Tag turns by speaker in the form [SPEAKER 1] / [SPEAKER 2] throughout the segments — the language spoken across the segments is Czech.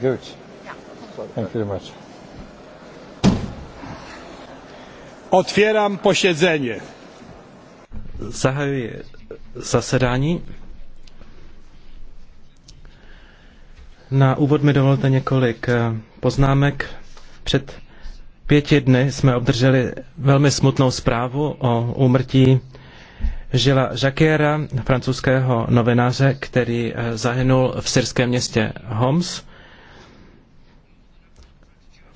[SPEAKER 1] Good. Thank you very much. Otvírám posiedzenie. Zahajuji zasedání. Na úvod mi dovolte několik eh, poznámek. Před pěti dny jsme obdrželi velmi smutnou zprávu o úmrtí Žila Jacquera, francouzského novináře, který eh, zahynul v syrském městě Homs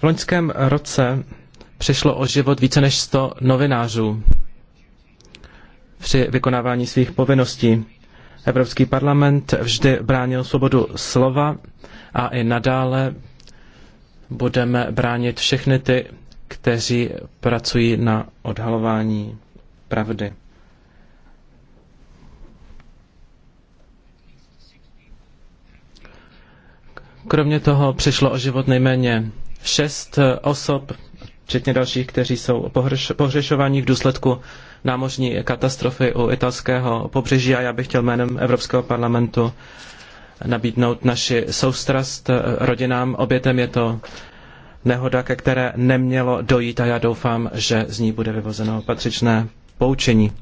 [SPEAKER 1] v loňském roce přišlo o život více než 100 novinářů při vykonávání svých povinností. Evropský parlament vždy bránil svobodu slova a i nadále budeme bránit všechny ty, kteří pracují na odhalování pravdy. Kromě toho přišlo o život nejméně šest osob, včetně dalších, kteří jsou pohřešováni v důsledku námořní katastrofy u italského pobřeží a já bych chtěl jménem Evropského parlamentu nabídnout naši soustrast eh, rodinám. Obětem je to nehoda, ke které nemělo dojít a já doufám, že z ní bude vyvozeno patřičné poučení.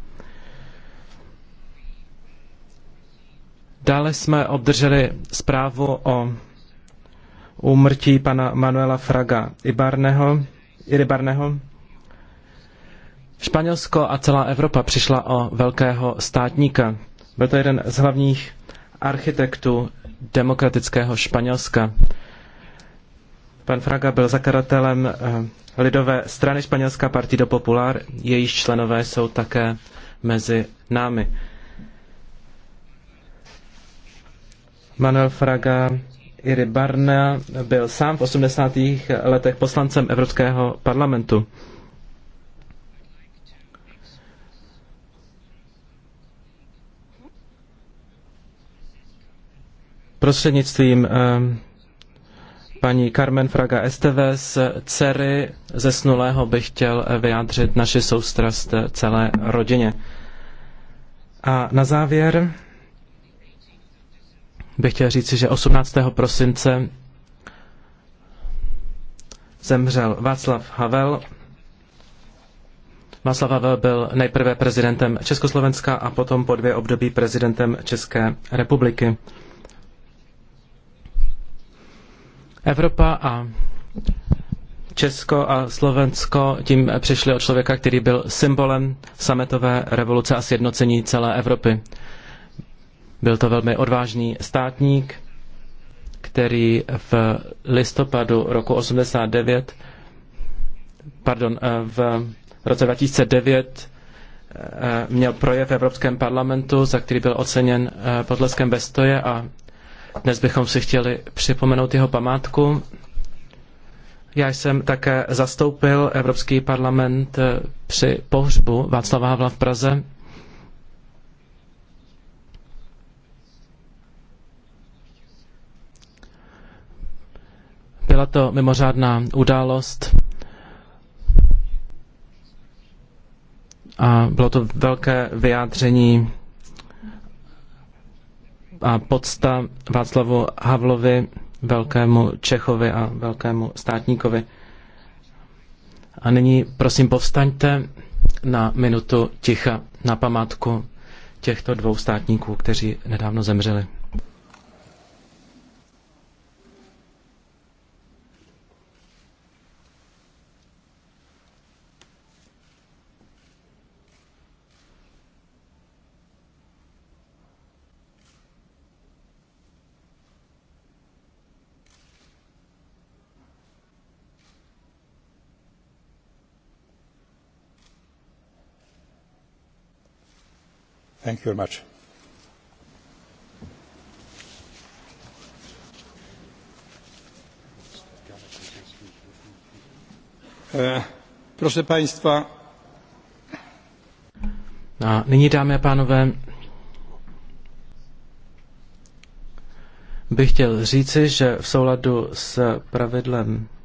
[SPEAKER 1] Dále jsme obdrželi zprávu o úmrtí pana Manuela Fraga Ibarneho, Iribarneho. Španělsko a celá Evropa přišla o velkého státníka. Byl to jeden z hlavních architektů demokratického Španělska. Pan Fraga byl zakladatelem eh, lidové strany Španělská Partido Popular, jejíž členové jsou také mezi námi. Manuel Fraga Iri Barna byl sám v 80. letech poslancem Evropského parlamentu. Prostřednictvím eh, paní Carmen Fraga Esteves, dcery zesnulého bych chtěl eh, vyjádřit naši soustrast eh, celé rodině. A na závěr bych chtěl říci, že 18. prosince zemřel Václav Havel. Václav Havel byl nejprve prezidentem Československa a potom po dvě období prezidentem České republiky. Evropa a Česko a Slovensko tím přišli o člověka, který byl symbolem sametové revoluce a sjednocení celé Evropy. Byl to velmi odvážný státník, který v listopadu roku 89, pardon, eh, v roce 2009 eh, měl projev v Evropském parlamentu, za který byl oceněn eh, podleskem Bestoje a dnes bychom si chtěli připomenout jeho památku. Já jsem také zastoupil Evropský parlament při pohřbu Václava Havla v Praze Byla to mimořádná událost a bylo to velké vyjádření a podsta Václavu Havlovi, velkému Čechovi a velkému státníkovi. A nyní prosím povstaňte na minutu ticha na památku těchto dvou státníků, kteří nedávno zemřeli. Thank you very much. Eh, proszę Państwa. A nyní, dámy a pánové, bych chtěl říci, že v souladu s pravidlem